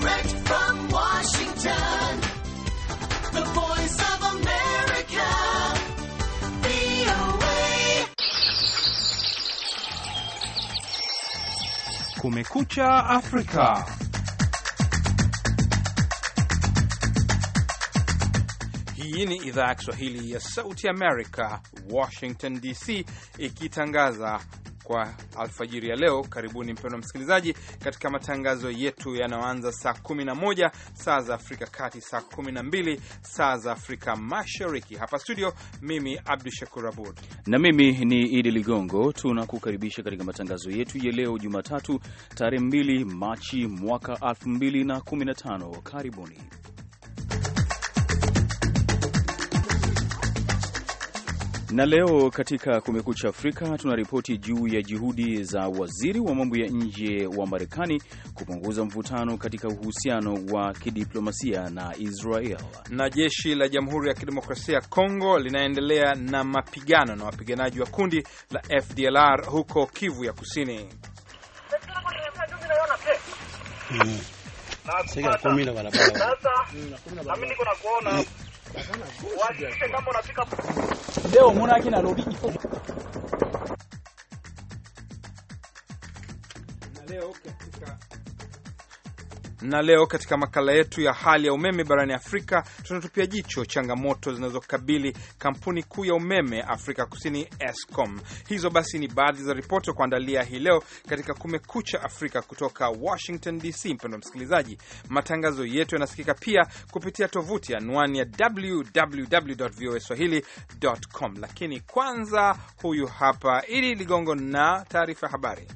Direct from Washington, the voice of America, VOA. Kumekucha Afrika. Hii ni idhaa ya Kiswahili ya Sauti Amerika, Washington DC, ikitangaza kwa alfajiri ya leo. Karibuni mpendwa msikilizaji, katika matangazo yetu yanayoanza saa 11 saa za Afrika Kati, saa 12 saa za Afrika Mashariki. Hapa studio, mimi Abdu Shakur Abud na mimi ni Idi Ligongo, tunakukaribisha katika matangazo yetu ya leo Jumatatu tarehe 2 Machi mwaka 2015. Karibuni. Na leo katika Kumekucha Afrika tunaripoti juu ya juhudi za waziri wa mambo ya nje wa Marekani kupunguza mvutano katika uhusiano wa kidiplomasia na Israel. Na jeshi la Jamhuri ya Kidemokrasia ya Kongo linaendelea na mapigano na wapiganaji wa kundi la FDLR huko Kivu ya Kusini. Hmm. Leo monaki Nairobi ifo na leo katika na leo katika makala yetu ya hali ya umeme barani Afrika tunatupia jicho changamoto zinazokabili kampuni kuu ya umeme Afrika Kusini, Eskom. Hizo basi ni baadhi za ripoti za kuandalia hii leo katika Kumekucha Afrika kutoka Washington DC. Mpendwa msikilizaji, matangazo yetu yanasikika pia kupitia tovuti anwani ya www voa swahili.com, lakini kwanza, huyu hapa Idi Ligongo na taarifa ya habari.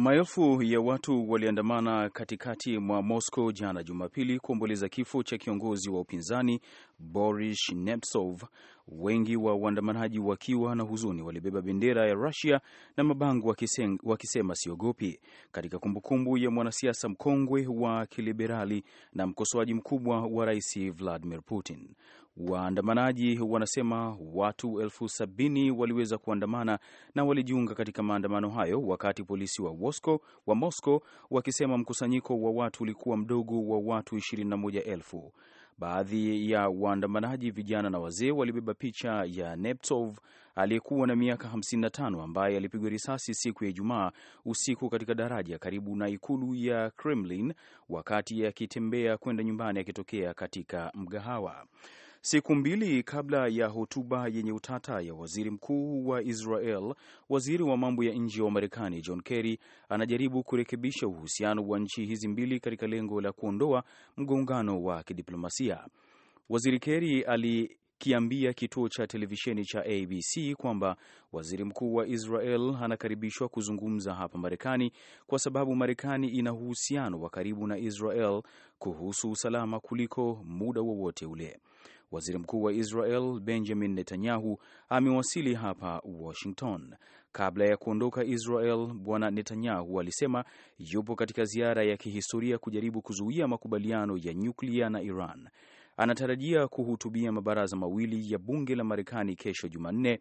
Maelfu ya watu waliandamana katikati mwa Moscow jana Jumapili kuomboleza kifo cha kiongozi wa upinzani Boris Nemtsov, wengi wa waandamanaji wakiwa na huzuni walibeba bendera ya Russia na mabango wakisema siogopi, katika kumbukumbu ya mwanasiasa mkongwe wa kiliberali na mkosoaji mkubwa wa Rais Vladimir Putin. Waandamanaji wanasema watu elfu sabini waliweza kuandamana na walijiunga katika maandamano hayo, wakati polisi wa Mosco wa Moscow wakisema mkusanyiko wa watu ulikuwa mdogo wa watu ishirini na moja elfu. Baadhi ya waandamanaji vijana na wazee walibeba picha ya Neptov aliyekuwa na miaka 55 ambaye alipigwa risasi siku ya Ijumaa usiku katika daraja karibu na ikulu ya Kremlin wakati akitembea kwenda nyumbani akitokea katika mgahawa. Siku mbili kabla ya hotuba yenye utata ya waziri mkuu wa Israel, waziri wa mambo ya nje wa Marekani John Kerry anajaribu kurekebisha uhusiano wa nchi hizi mbili katika lengo la kuondoa mgongano wa kidiplomasia. Waziri Kerry alikiambia kituo cha televisheni cha ABC kwamba waziri mkuu wa Israel anakaribishwa kuzungumza hapa Marekani kwa sababu Marekani ina uhusiano wa karibu na Israel kuhusu usalama kuliko muda wowote ule. Waziri Mkuu wa Israel Benjamin Netanyahu amewasili hapa Washington. Kabla ya kuondoka Israel, Bwana Netanyahu alisema yupo katika ziara ya kihistoria kujaribu kuzuia makubaliano ya nyuklia na Iran. Anatarajia kuhutubia mabaraza mawili ya bunge la Marekani kesho Jumanne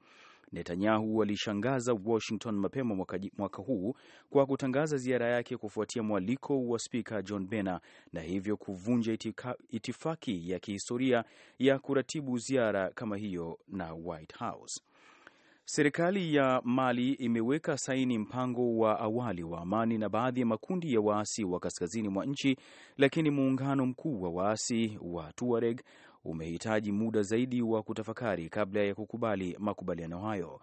Netanyahu alishangaza Washington mapema mwaka, mwaka huu kwa kutangaza ziara yake kufuatia mwaliko wa spika John Bena na hivyo kuvunja itika, itifaki ya kihistoria ya kuratibu ziara kama hiyo na White House. Serikali ya Mali imeweka saini mpango wa awali wa amani na baadhi ya makundi ya waasi wa kaskazini mwa nchi, lakini muungano mkuu wa waasi wa Tuareg umehitaji muda zaidi wa kutafakari kabla ya kukubali makubaliano hayo.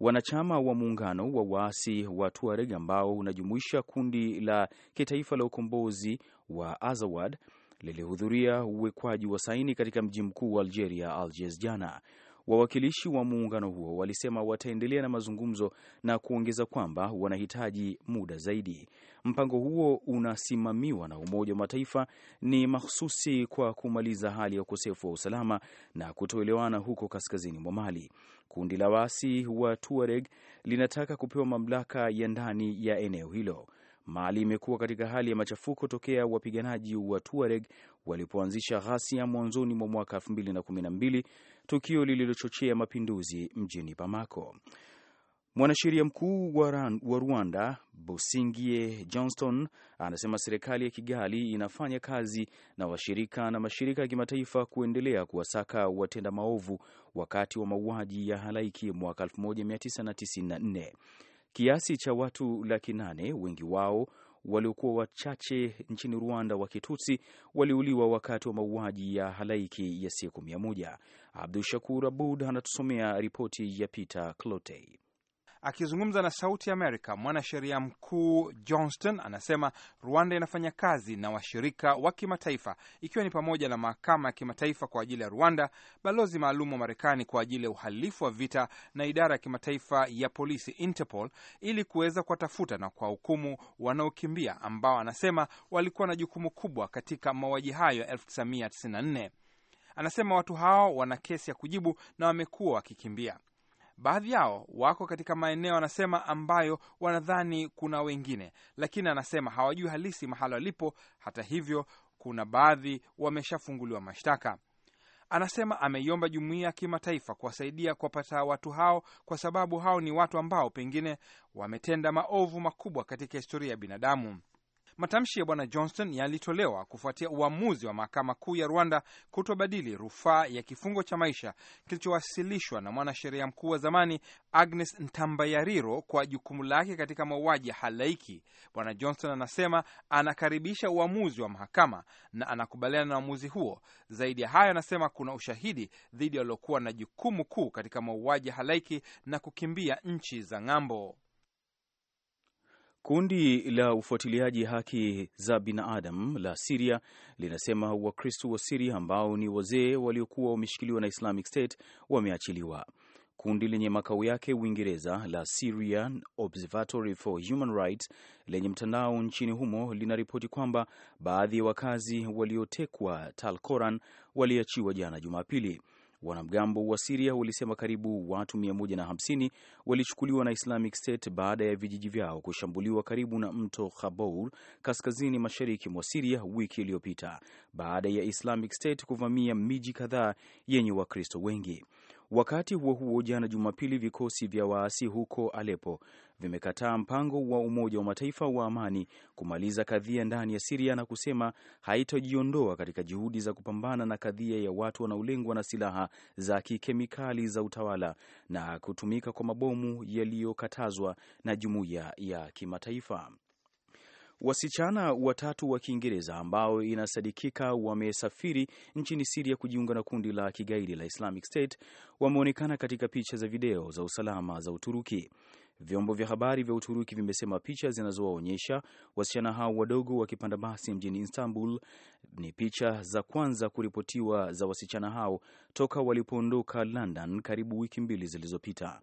Wanachama wa muungano wa waasi wa Tuareg ambao unajumuisha kundi la kitaifa la ukombozi wa Azawad lilihudhuria uwekwaji wa saini katika mji mkuu wa Algeria, Algiers, jana Wawakilishi wa muungano huo walisema wataendelea na mazungumzo na kuongeza kwamba wanahitaji muda zaidi. Mpango huo unasimamiwa na Umoja wa Mataifa, ni mahususi kwa kumaliza hali ya ukosefu wa usalama na kutoelewana huko kaskazini mwa Mali. Kundi la waasi wa Tuareg linataka kupewa mamlaka ya ndani ya eneo hilo. Mali imekuwa katika hali ya machafuko tokea wapiganaji wa Tuareg walipoanzisha ghasia mwanzoni mwa mwaka 2012 tukio lililochochea mapinduzi mjini Bamako. Mwanasheria mkuu wa Rwanda Busingie Johnston anasema serikali ya Kigali inafanya kazi na washirika na mashirika ya kimataifa kuendelea kuwasaka watenda maovu wakati wa mauaji ya halaiki mwaka 1994. Kiasi cha watu laki nane, wengi wao waliokuwa wachache nchini Rwanda wa Kitutsi waliuliwa wakati wa mauaji ya halaiki ya siku mia moja. Abdu Shakur Abud anatusomea ripoti ya Peter Clotey. Akizungumza na Sauti Amerika, mwanasheria mkuu Johnston anasema Rwanda inafanya kazi na washirika wa kimataifa ikiwa ni pamoja na mahakama ya kimataifa kwa ajili ya Rwanda, balozi maalum wa Marekani kwa ajili ya uhalifu wa vita na idara ya kimataifa ya polisi Interpol, ili kuweza kuwatafuta na kwa hukumu wanaokimbia ambao anasema walikuwa na jukumu kubwa katika mauaji hayo ya 1994. Anasema watu hao wana kesi ya kujibu na wamekuwa wakikimbia. Baadhi yao wako katika maeneo anasema ambayo wanadhani kuna wengine, lakini anasema hawajui halisi mahala walipo. Hata hivyo, kuna baadhi wameshafunguliwa mashtaka. Anasema ameiomba jumuiya ya kimataifa kuwasaidia kuwapata watu hao, kwa sababu hao ni watu ambao pengine wametenda maovu makubwa katika historia ya binadamu. Matamshi ya bwana Johnston yalitolewa kufuatia uamuzi wa mahakama kuu ya Rwanda kutobadili rufaa ya kifungo cha maisha kilichowasilishwa na mwanasheria mkuu wa zamani Agnes Ntambayariro kwa jukumu lake katika mauaji ya halaiki. Bwana Johnston anasema anakaribisha uamuzi wa mahakama na anakubaliana na uamuzi huo. Zaidi ya hayo, anasema kuna ushahidi dhidi ya waliokuwa na jukumu kuu katika mauaji ya halaiki na kukimbia nchi za ng'ambo. Kundi la ufuatiliaji haki za binadamu la Siria linasema Wakristo wa Siria ambao ni wazee waliokuwa wameshikiliwa na Islamic State wameachiliwa. Kundi lenye makao yake Uingereza la Syrian Observatory for Human Rights lenye mtandao nchini humo linaripoti kwamba baadhi ya wakazi waliotekwa talkoran waliachiwa jana Jumapili. Wanamgambo wa Siria walisema karibu watu 150 walichukuliwa na Islamic State baada ya vijiji vyao kushambuliwa karibu na mto Khabour kaskazini mashariki mwa Siria wiki iliyopita baada ya Islamic State kuvamia miji kadhaa yenye Wakristo wengi. Wakati huo huo, jana Jumapili, vikosi vya waasi huko Alepo vimekataa mpango wa Umoja wa Mataifa wa amani kumaliza kadhia ndani ya Siria na kusema haitojiondoa katika juhudi za kupambana na kadhia ya watu wanaolengwa na silaha za kikemikali za utawala na kutumika kwa mabomu yaliyokatazwa na jumuiya ya kimataifa. Wasichana watatu wa Kiingereza ambao inasadikika wamesafiri nchini Siria kujiunga na kundi la kigaidi la Islamic State wameonekana katika picha za video za usalama za Uturuki. Vyombo vya habari vya Uturuki vimesema picha zinazowaonyesha wasichana hao wadogo wakipanda basi mjini Istanbul ni picha za kwanza kuripotiwa za wasichana hao toka walipoondoka London karibu wiki mbili zilizopita.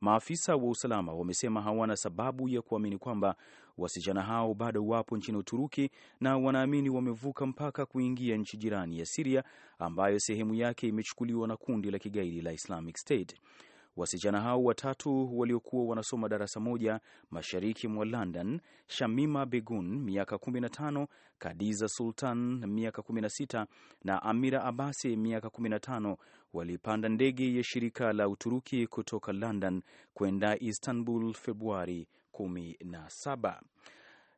Maafisa wa usalama wamesema hawana sababu ya kuamini kwamba wasichana hao bado wapo nchini Uturuki na wanaamini wamevuka mpaka kuingia nchi jirani ya Siria ambayo sehemu yake imechukuliwa na kundi la kigaidi la Islamic State. Wasichana hao watatu waliokuwa wanasoma darasa moja mashariki mwa London, Shamima Begun miaka 15, Kadiza Sultan miaka 16 na Amira Abasi miaka 15 walipanda ndege ya shirika la Uturuki kutoka London kwenda Istanbul Februari 17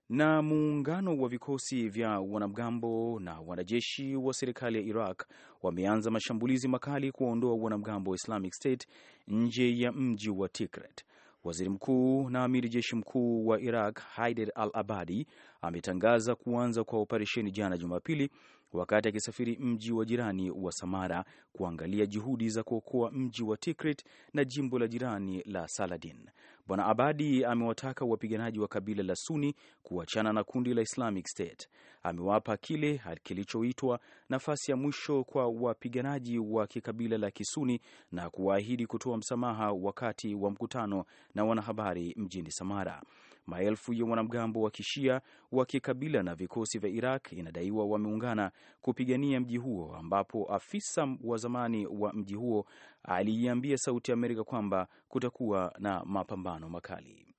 na muungano wa vikosi vya wanamgambo na wanajeshi wa serikali ya Iraq wameanza mashambulizi makali kuwaondoa wanamgambo wa Islamic State nje ya mji wa Tikrit. Waziri mkuu na amiri jeshi mkuu wa Iraq Haider al Abadi ametangaza kuanza kwa operesheni jana Jumapili wakati akisafiri mji wa jirani wa Samara kuangalia juhudi za kuokoa mji wa Tikrit na jimbo la jirani la Saladin. Bwana Abadi amewataka wapiganaji wa kabila la Suni kuachana na kundi la Islamic State. Amewapa kile kilichoitwa nafasi ya mwisho kwa wapiganaji wa kikabila la Kisuni na kuwaahidi kutoa msamaha wakati wa mkutano na wanahabari mjini Samara. Maelfu ya wanamgambo wa kishia wa kikabila na vikosi vya Iraq inadaiwa wameungana kupigania mji huo, ambapo afisa wa zamani wa mji huo aliiambia Sauti ya Amerika kwamba kutakuwa na mapambano makali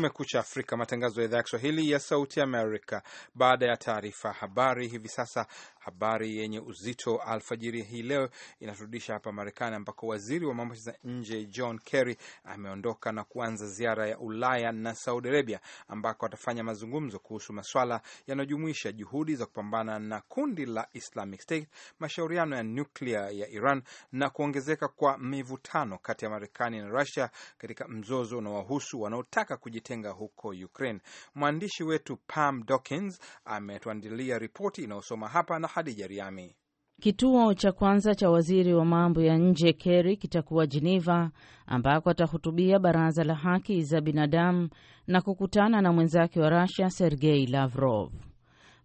Kumekucha Afrika, matangazo ya idhaa ya Kiswahili ya Sauti Amerika. Baada ya taarifa habari, hivi sasa Habari yenye uzito alfajiri hii leo inaturudisha hapa Marekani, ambako waziri wa mambo za nje John Kerry ameondoka na kuanza ziara ya Ulaya na Saudi Arabia, ambako atafanya mazungumzo kuhusu maswala yanayojumuisha juhudi za kupambana na kundi la Islamic State, mashauriano ya nuklia ya Iran na kuongezeka kwa mivutano kati ya Marekani na Rusia katika mzozo unaowahusu wanaotaka kujitenga huko Ukraine. Mwandishi wetu Pam Dawkins ametuandilia ripoti inayosoma hapa na Hadija Riami. Kituo cha kwanza cha waziri wa mambo ya nje Kerry kitakuwa Geneva ambako atahutubia baraza la haki za binadamu na kukutana na mwenzake wa Russia Sergei Lavrov.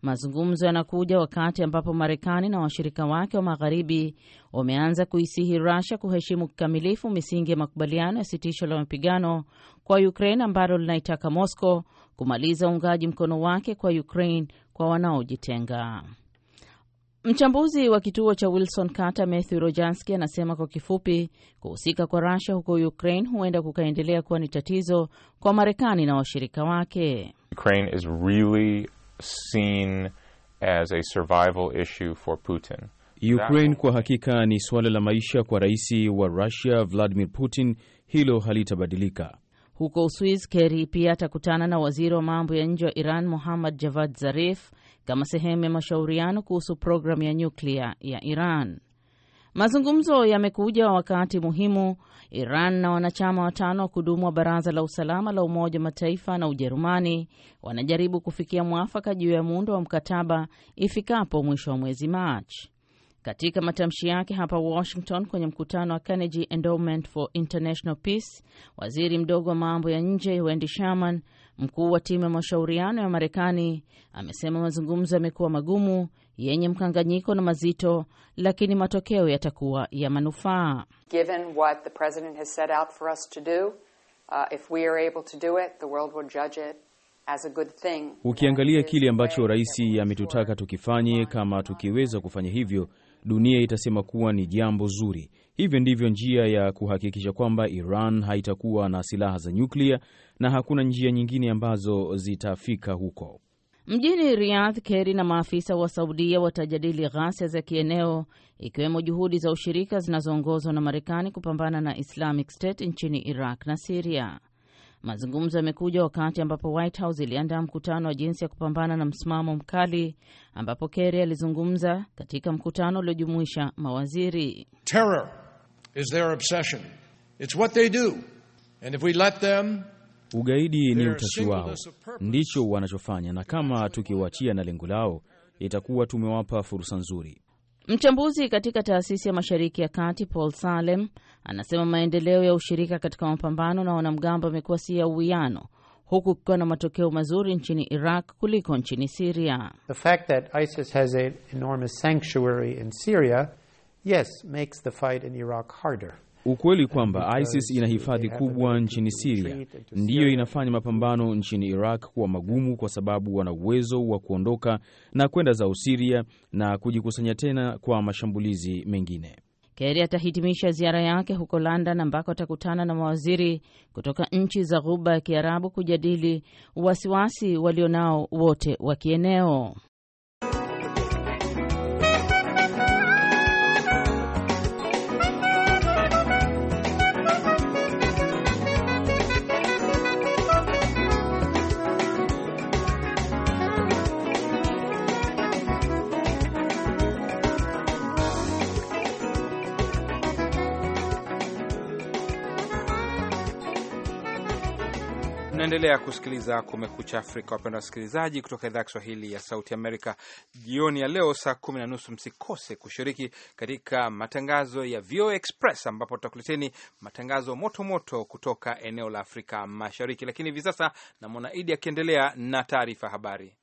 Mazungumzo yanakuja wakati ambapo Marekani na washirika wake wa magharibi wameanza kuisihi Russia kuheshimu kikamilifu misingi ya makubaliano ya sitisho la mapigano kwa Ukraine ambalo linaitaka Moscow kumaliza uungaji mkono wake kwa Ukraine kwa wanaojitenga. Mchambuzi wa kituo cha Wilson Carter Matthew Rojanski anasema kwa kifupi, kuhusika kwa rasia huko Ukraine huenda kukaendelea kuwa ni tatizo kwa Marekani na washirika wake. Ukraine is really seen as a survival issue for Putin. Ukraine kwa hakika ni suala la maisha kwa rais wa rusia Vladimir Putin, hilo halitabadilika. Huko Uswiz, Kerry pia atakutana na waziri wa mambo ya nje wa Iran Muhammad Javad Zarif kama sehemu ya mashauriano kuhusu programu ya nyuklia ya Iran. Mazungumzo yamekuja wakati muhimu, Iran na wanachama watano wa kudumu wa Baraza la Usalama la Umoja wa Mataifa na Ujerumani wanajaribu kufikia mwafaka juu ya muundo wa mkataba ifikapo mwisho wa mwezi Machi. Katika matamshi yake hapa Washington kwenye mkutano wa Carnegie Endowment for International Peace, waziri mdogo wa mambo ya nje Wendy Sherman Mkuu wa timu ya mashauriano ya Marekani amesema mazungumzo yamekuwa magumu, yenye mkanganyiko na mazito, lakini matokeo yatakuwa ya manufaa. Ukiangalia kile ambacho rais ametutaka tukifanye, kama tukiweza kufanya hivyo, dunia itasema kuwa ni jambo zuri. Hivyo ndivyo njia ya kuhakikisha kwamba Iran haitakuwa na silaha za nyuklia na hakuna njia nyingine ambazo zitafika huko. Mjini Riyadh, Keri na maafisa wa Saudia watajadili ghasia za kieneo ikiwemo juhudi za ushirika zinazoongozwa na Marekani kupambana na Islamic State nchini Iraq na Siria. Mazungumzo yamekuja wakati ambapo White House iliandaa mkutano wa jinsi ya kupambana na msimamo mkali ambapo Keri alizungumza katika mkutano uliojumuisha mawaziri Terror is their obsession. It's what they do. And if we let them, ugaidi ni utashi wao, ndicho wanachofanya, na kama tukiwaachia na lengo lao, itakuwa tumewapa fursa nzuri. Mchambuzi katika taasisi ya Mashariki ya Kati Paul Salem anasema maendeleo ya ushirika katika mapambano na wanamgambo yamekuwa si ya uwiano huku kukiwa na matokeo mazuri nchini Iraq kuliko nchini Siria. The fact that ISIS has an enormous sanctuary in Syria yes, makes the fight in Iraq harder. Ukweli kwamba ISIS ina hifadhi kubwa nchini Siria ndiyo inafanya mapambano nchini Iraq kuwa magumu, kwa sababu wana uwezo wa kuondoka na kwenda zao Siria na kujikusanya tena kwa mashambulizi mengine. Kerry atahitimisha ziara yake huko London ambako atakutana na mawaziri kutoka nchi za Ghuba ya Kiarabu kujadili wasiwasi walionao wote wa kieneo. Unaendelea kusikiliza Kumekucha Afrika, wapenda wasikilizaji, kutoka idhaa ya Kiswahili ya Sauti Amerika. Jioni ya leo saa kumi na nusu msikose kushiriki katika matangazo ya VOA Express ambapo tutakuleteni matangazo moto moto kutoka eneo la Afrika Mashariki. Lakini hivi sasa namwona Idi akiendelea na taarifa habari.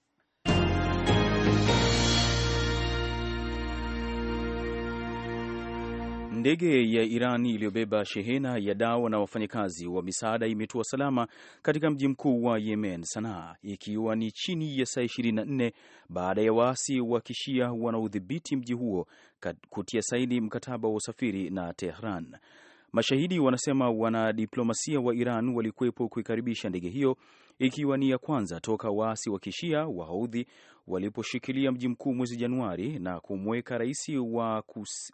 Ndege ya Iran iliyobeba shehena ya dawa na wafanyakazi wa misaada imetua salama katika mji mkuu wa Yemen, Sanaa, ikiwa ni chini ya saa 24 baada ya waasi wa kishia wanaodhibiti mji huo kutia saini mkataba wa usafiri na Tehran. Mashahidi wanasema wanadiplomasia wa Iran walikuwepo kuikaribisha ndege hiyo, ikiwa ni ya kwanza toka waasi wa kishia wahaudhi waliposhikilia mji mkuu mwezi Januari na kumweka rais wa,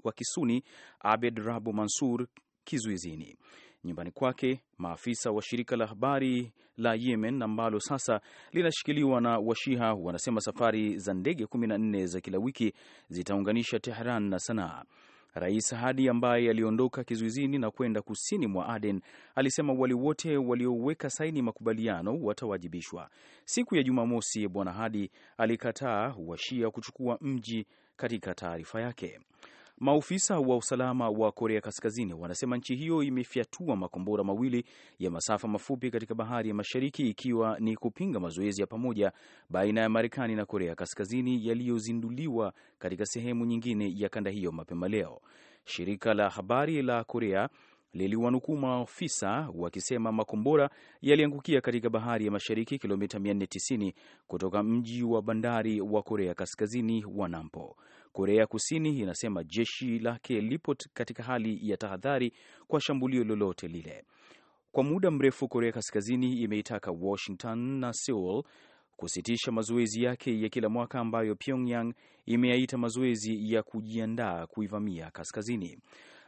wa kisuni Abed Rabu Mansur kizuizini nyumbani kwake. Maafisa wa shirika la habari la Yemen ambalo sasa linashikiliwa na Washiha wanasema safari za ndege 14 za kila wiki zitaunganisha Tehran na Sanaa. Rais Hadi ambaye aliondoka kizuizini na kwenda kusini mwa Aden alisema wale wote walioweka saini makubaliano watawajibishwa. Siku ya Jumamosi, Bwana Hadi alikataa Washia kuchukua mji katika taarifa yake. Maofisa wa usalama wa Korea Kaskazini wanasema nchi hiyo imefyatua makombora mawili ya masafa mafupi katika bahari ya Mashariki, ikiwa ni kupinga mazoezi ya pamoja baina ya Marekani na Korea Kaskazini yaliyozinduliwa katika sehemu nyingine ya kanda hiyo mapema leo. Shirika la habari la Korea liliwanukuu maafisa wakisema makombora yaliangukia katika bahari ya mashariki kilomita 490 kutoka mji wa bandari wa Korea Kaskazini wa Nampo. Korea Kusini inasema jeshi lake lipo katika hali ya tahadhari kwa shambulio lolote lile. Kwa muda mrefu, Korea Kaskazini imeitaka Washington na Seoul kusitisha mazoezi yake ya kila mwaka ambayo Pyongyang imeyaita mazoezi ya kujiandaa kuivamia kaskazini.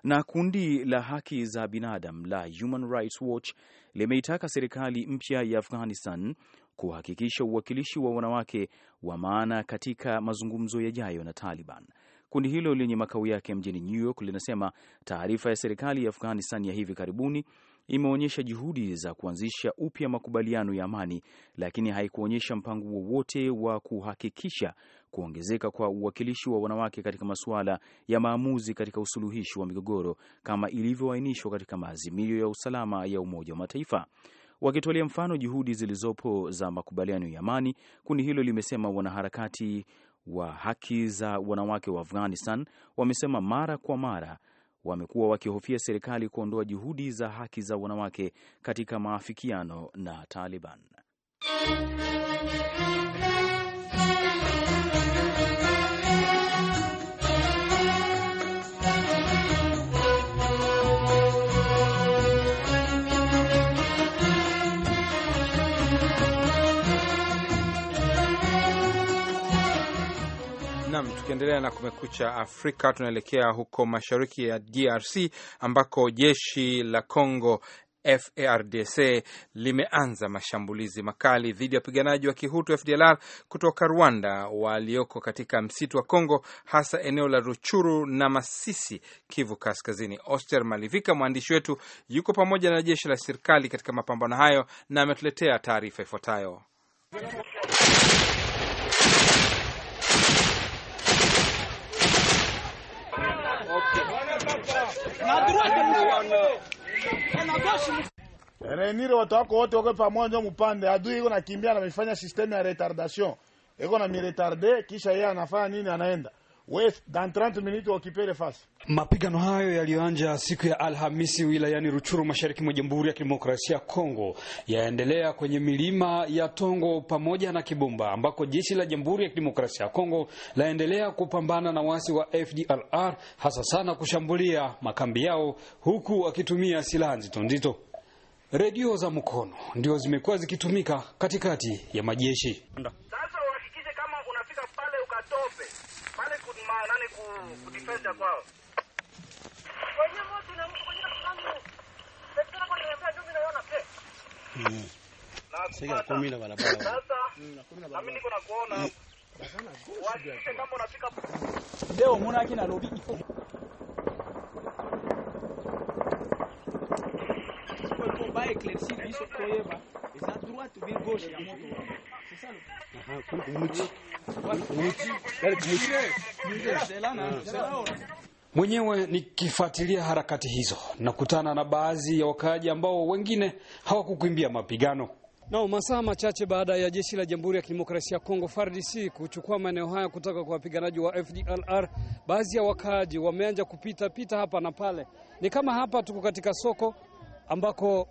Na kundi la haki za binadamu la Human Rights Watch limeitaka serikali mpya ya Afghanistan kuhakikisha uwakilishi wa wanawake wa maana katika mazungumzo yajayo na Taliban. Kundi hilo lenye makao yake mjini New York linasema taarifa ya serikali ya Afghanistan ya hivi karibuni imeonyesha juhudi za kuanzisha upya makubaliano ya amani, lakini haikuonyesha mpango wowote wa kuhakikisha kuongezeka kwa uwakilishi wa wanawake katika masuala ya maamuzi katika usuluhishi wa migogoro kama ilivyoainishwa katika maazimio ya usalama ya Umoja wa Mataifa. Wakitolea mfano juhudi zilizopo za makubaliano ya amani, kundi hilo limesema wanaharakati wa haki za wanawake wa Afghanistan wamesema mara kwa mara wamekuwa wakihofia serikali kuondoa juhudi za haki za wanawake katika maafikiano na Taliban. Nam, tukiendelea na Kumekucha Afrika, tunaelekea huko mashariki ya DRC ambako jeshi la Congo FARDC limeanza mashambulizi makali dhidi ya wapiganaji wa kihutu FDLR kutoka Rwanda walioko katika msitu wa Kongo, hasa eneo la Ruchuru na Masisi, Kivu Kaskazini. Oster Malivika, mwandishi wetu, yuko pamoja na jeshi la serikali katika mapambano hayo na ametuletea taarifa ifuatayo. Renire eh, watu wako wote wako pamoja mupande, adui iko nakimbia, namefanya system ya retardation, iko na retarder kisha yeye anafanya nini? Anaenda Mapigano hayo yaliyoanza siku ya Alhamisi wilayani Ruchuru mashariki mwa Jamhuri ya Kidemokrasia ya Kongo yaendelea kwenye milima ya Tongo pamoja na Kibumba ambako jeshi la Jamhuri ya Kidemokrasia ya Kongo laendelea kupambana na wasi wa FDLR hasa sana kushambulia makambi yao huku wakitumia silaha nzito nzito. Redio za mkono ndio zimekuwa zikitumika katikati ya majeshi. ma nani ku, ku defend kwao. Sasa mm. kumi na barabara. Sasa mm, mm, mimi niko na kuona. Wakisha kama unafika leo mbona akina Nairobi ipo. Kwa bike let's see this forever. Is that droit ou bien gauche ya moto? Mwenyewe nikifuatilia harakati hizo, nakutana na baadhi ya wakaaji ambao wengine hawakukimbia mapigano. Nao masaa machache baada ya jeshi la Jamhuri ya Kidemokrasia ya Kongo FARDC kuchukua maeneo haya kutoka kwa wapiganaji wa FDLR, baadhi ya wakaaji wameanza kupita pita hapa na pale. Ni kama hapa tuko katika soko ambako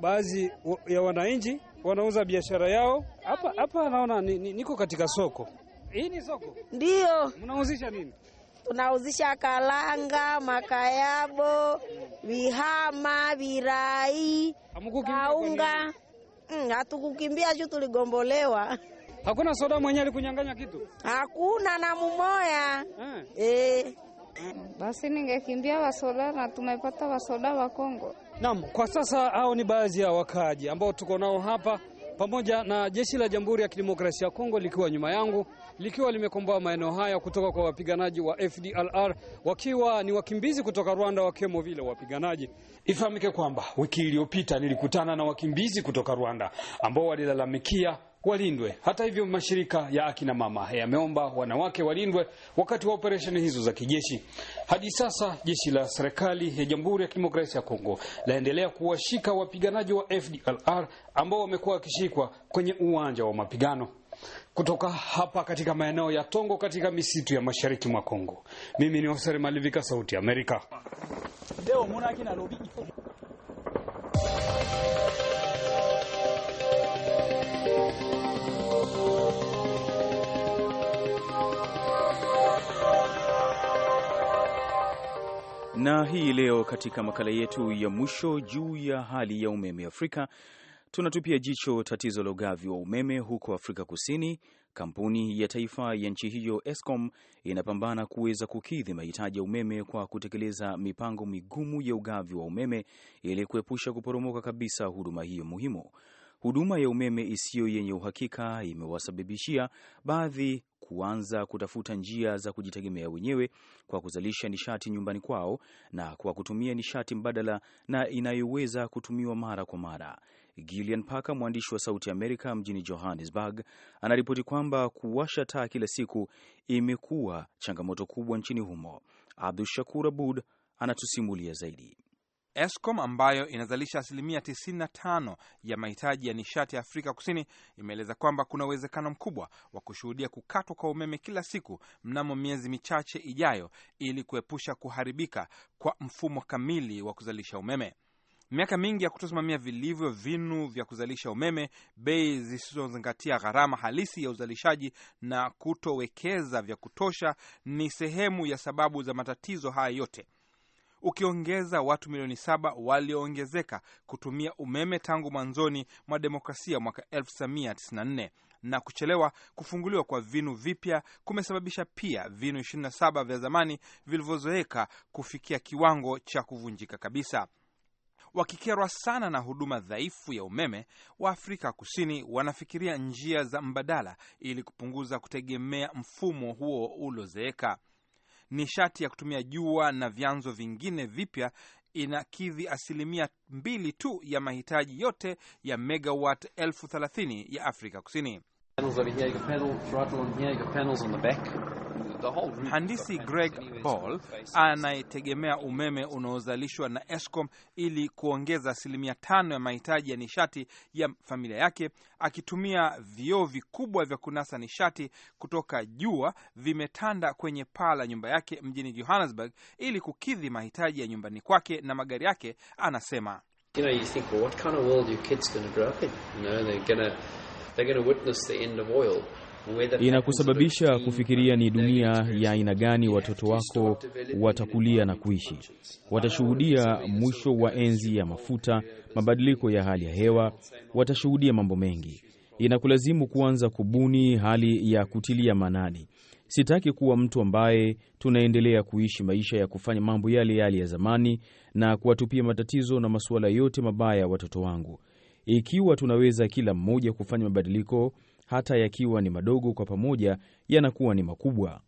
baadhi ya wananchi wanauza biashara yao hapa hapa. Naona niko katika soko. Hii ni soko? Ndio. Mnauzisha nini? Tunauzisha kalanga, makayabo, vihama, virai, kaunga. Mm, hatukukimbia juu tuligombolewa. Hakuna soda mwenye alikunyang'anya kitu? Hakuna na mumoya. Eh. eh. Basi ningekimbia wasoda na tumepata wasoda wa Kongo. Naam, kwa sasa hao ni baadhi ya wakaaji ambao tuko nao hapa pamoja na jeshi la Jamhuri ya Kidemokrasia ya Kongo likiwa nyuma yangu likiwa limekomboa maeneo haya kutoka kwa wapiganaji wa FDLR wakiwa ni wakimbizi kutoka Rwanda wakiwemo vile wapiganaji Ifahamike kwamba wiki iliyopita nilikutana na wakimbizi kutoka Rwanda ambao walilalamikia walindwe. Hata hivyo, mashirika ya akina mama yameomba wanawake walindwe wakati wa operesheni hizo za kijeshi. Hadi sasa jeshi la serikali ya Jamhuri ya Kidemokrasia ya Kongo laendelea kuwashika wapiganaji wa FDLR ambao wamekuwa wakishikwa kwenye uwanja wa mapigano kutoka hapa katika maeneo ya Tongo katika misitu ya mashariki mwa Kongo. Mimi ni Hosere Malivika, Sauti ya Amerika. Na hii leo katika makala yetu ya mwisho juu ya hali ya umeme Afrika Tunatupia jicho tatizo la ugavi wa umeme huko Afrika Kusini. Kampuni ya taifa ya nchi hiyo Eskom inapambana kuweza kukidhi mahitaji ya umeme kwa kutekeleza mipango migumu ya ugavi wa umeme ili kuepusha kuporomoka kabisa huduma hiyo muhimu. Huduma ya umeme isiyo yenye uhakika imewasababishia baadhi kuanza kutafuta njia za kujitegemea wenyewe kwa kuzalisha nishati nyumbani kwao na kwa kutumia nishati mbadala na inayoweza kutumiwa mara kwa mara. Gillian Parker, mwandishi wa Sauti Amerika mjini Johannesburg, anaripoti kwamba kuwasha taa kila siku imekuwa changamoto kubwa nchini humo. Abdu Shakur Abud anatusimulia zaidi. Eskom ambayo inazalisha asilimia 95 ya mahitaji ya nishati ya Afrika Kusini imeeleza kwamba kuna uwezekano mkubwa wa kushuhudia kukatwa kwa umeme kila siku mnamo miezi michache ijayo ili kuepusha kuharibika kwa mfumo kamili wa kuzalisha umeme. Miaka mingi ya kutosimamia vilivyo vinu vya kuzalisha umeme, bei zisizozingatia gharama halisi ya uzalishaji na kutowekeza vya kutosha ni sehemu ya sababu za matatizo haya yote. Ukiongeza watu milioni saba walioongezeka kutumia umeme tangu mwanzoni mwa demokrasia mwaka 1994 na kuchelewa kufunguliwa kwa vinu vipya kumesababisha pia vinu 27 vya zamani vilivyozoeka kufikia kiwango cha kuvunjika kabisa wakikerwa sana na huduma dhaifu ya umeme, Waafrika Kusini wanafikiria njia za mbadala ili kupunguza kutegemea mfumo huo uliozeeka. Nishati ya kutumia jua na vyanzo vingine vipya inakidhi asilimia mbili tu ya mahitaji yote ya megawat elfu thelathini ya Afrika Kusini. Mhandisi Greg Ball anayetegemea umeme unaozalishwa na Eskom ili kuongeza asilimia tano ya mahitaji ya nishati ya familia yake, akitumia vioo vikubwa vya kunasa nishati kutoka jua vimetanda kwenye paa la nyumba yake mjini Johannesburg ili kukidhi mahitaji ya nyumbani kwake na magari yake, anasema inakusababisha kufikiria ni dunia ya aina gani watoto wako watakulia na kuishi. Watashuhudia mwisho wa enzi ya mafuta, mabadiliko ya hali ya hewa, watashuhudia mambo mengi. Inakulazimu kuanza kubuni hali ya kutilia maanani. Sitaki kuwa mtu ambaye tunaendelea kuishi maisha ya kufanya mambo yale yale ya zamani na kuwatupia matatizo na masuala yote mabaya ya watoto wangu. Ikiwa tunaweza kila mmoja kufanya mabadiliko hata yakiwa ni madogo, kwa pamoja yanakuwa ni makubwa.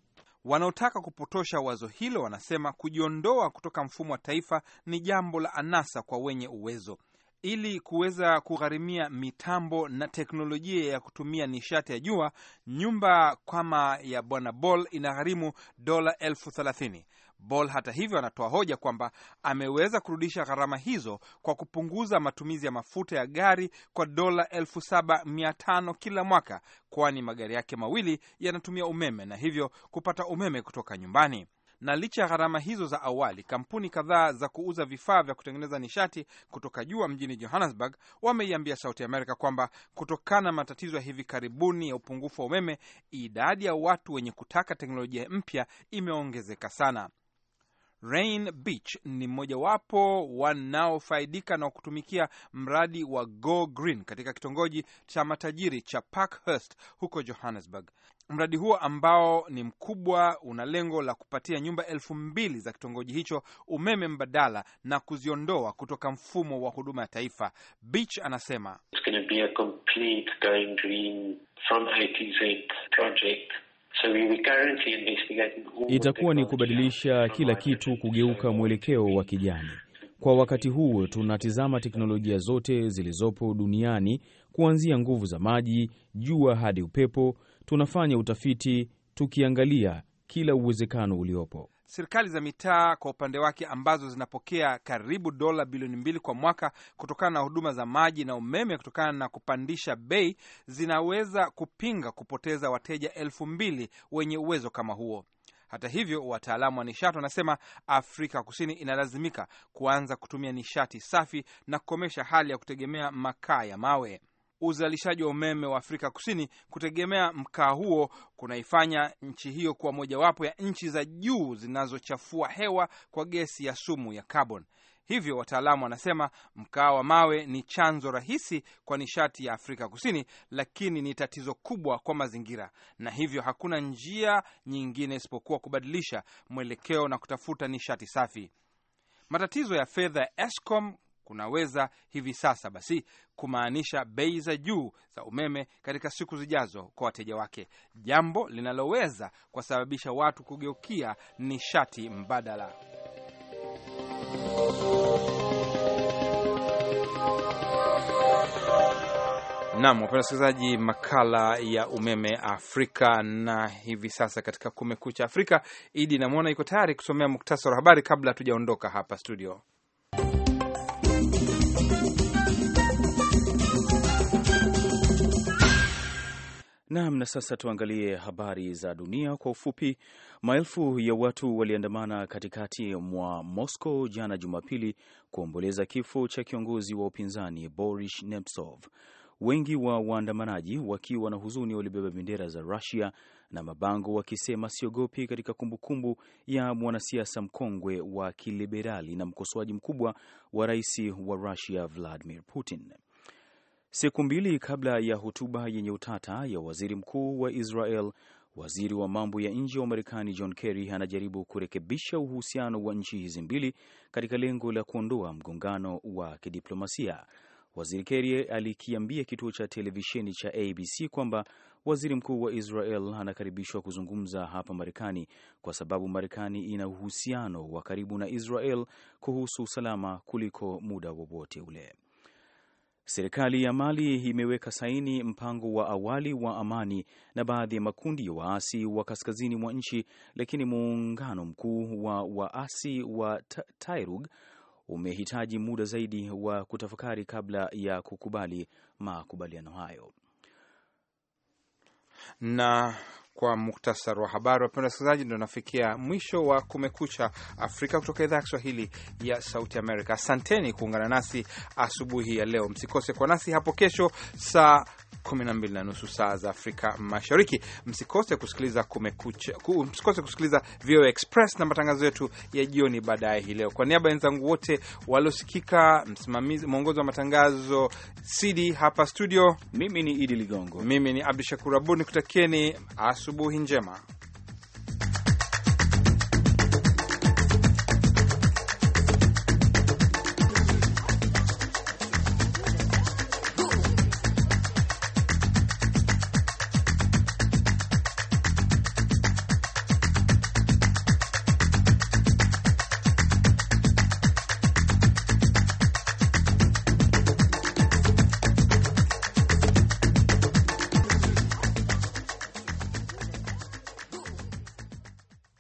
Wanaotaka kupotosha wazo hilo wanasema kujiondoa kutoka mfumo wa taifa ni jambo la anasa kwa wenye uwezo ili kuweza kugharimia mitambo na teknolojia ya kutumia nishati ya jua. Nyumba kama ya Bwana Bol inagharimu dola elfu thelathini bol hata hivyo anatoa hoja kwamba ameweza kurudisha gharama hizo kwa kupunguza matumizi ya mafuta ya gari kwa dola elfu saba mia tano kila mwaka, kwani magari yake mawili yanatumia umeme na hivyo kupata umeme kutoka nyumbani na licha ya gharama hizo za awali, kampuni kadhaa za kuuza vifaa vya kutengeneza nishati kutoka jua mjini Johannesburg wameiambia Sauti Amerika kwamba kutokana na matatizo ya hivi karibuni ya upungufu wa umeme, idadi ya watu wenye kutaka teknolojia mpya imeongezeka sana. Rain Beach ni mmojawapo wanaofaidika na kutumikia mradi wa Go Green katika kitongoji cha matajiri cha Parkhurst huko Johannesburg. Mradi huo ambao ni mkubwa una lengo la kupatia nyumba elfu mbili za kitongoji hicho umeme mbadala na kuziondoa kutoka mfumo wa huduma ya taifa. Beach anasema It's Itakuwa ni kubadilisha kila kitu, kugeuka mwelekeo wa kijani. Kwa wakati huu tunatizama teknolojia zote zilizopo duniani, kuanzia nguvu za maji, jua hadi upepo. Tunafanya utafiti tukiangalia kila uwezekano uliopo. Serikali za mitaa kwa upande wake, ambazo zinapokea karibu dola bilioni mbili kwa mwaka kutokana na huduma za maji na umeme kutokana na kupandisha bei, zinaweza kupinga kupoteza wateja elfu mbili wenye uwezo kama huo. Hata hivyo, wataalamu wa nishati wanasema Afrika Kusini inalazimika kuanza kutumia nishati safi na kukomesha hali ya kutegemea makaa ya mawe uzalishaji wa umeme wa Afrika Kusini. Kutegemea mkaa huo kunaifanya nchi hiyo kuwa mojawapo ya nchi za juu zinazochafua hewa kwa gesi ya sumu ya carbon. Hivyo wataalamu wanasema mkaa wa mawe ni chanzo rahisi kwa nishati ya Afrika Kusini, lakini ni tatizo kubwa kwa mazingira, na hivyo hakuna njia nyingine isipokuwa kubadilisha mwelekeo na kutafuta nishati safi. Matatizo ya fedha ya Eskom kunaweza hivi sasa basi kumaanisha bei za juu za umeme katika siku zijazo kwa wateja wake, jambo linaloweza kuwasababisha watu kugeukia nishati mbadala. Nam, wapenda wasikilizaji, makala ya umeme Afrika na hivi sasa katika Kumekucha Afrika. Idi namwona iko tayari kusomea muktasari wa habari kabla hatujaondoka hapa studio. Naam, na sasa tuangalie habari za dunia kwa ufupi. Maelfu ya watu waliandamana katikati mwa Moscow jana Jumapili kuomboleza kifo cha kiongozi wa upinzani Boris Nemtsov. Wengi wa waandamanaji wakiwa na huzuni walibeba bendera za Rusia na mabango wakisema siogopi, katika kumbukumbu ya mwanasiasa mkongwe wa kiliberali na mkosoaji mkubwa wa rais wa Rusia Vladimir Putin. Siku mbili kabla ya hotuba yenye utata ya waziri mkuu wa Israel, waziri wa mambo ya nje wa Marekani John Kerry anajaribu kurekebisha uhusiano wa nchi hizi mbili katika lengo la kuondoa mgongano wa kidiplomasia. Waziri Kerry alikiambia kituo cha televisheni cha ABC kwamba waziri mkuu wa Israel anakaribishwa kuzungumza hapa Marekani kwa sababu Marekani ina uhusiano wa karibu na Israel kuhusu usalama kuliko muda wowote ule. Serikali ya Mali imeweka saini mpango wa awali wa amani na baadhi ya makundi ya waasi wa kaskazini mwa nchi, lakini muungano mkuu wa waasi wa Tairug umehitaji muda zaidi wa kutafakari kabla ya kukubali makubaliano hayo. Na kwa muktasar wa habari. Wapenda wasikilizaji, ndo nafikia mwisho wa Kumekucha Afrika kutoka idhaa ya Kiswahili ya Sauti Amerika. Asanteni kuungana nasi asubuhi ya leo. Msikose kwa nasi hapo kesho saa 12 na nusu saa za Afrika Mashariki. Msikose kusikiliza Kumekucha, msikose kusikiliza VOA Express na matangazo yetu ya jioni baadaye hii leo. Kwa niaba ya wenzangu wote waliosikika, msimamizi mwongozi wa matangazo CD hapa studio, mimi ni Idi Ligongo, mimi ni Abdu Shakur Abud nikutakieni asu Asubuhi njema.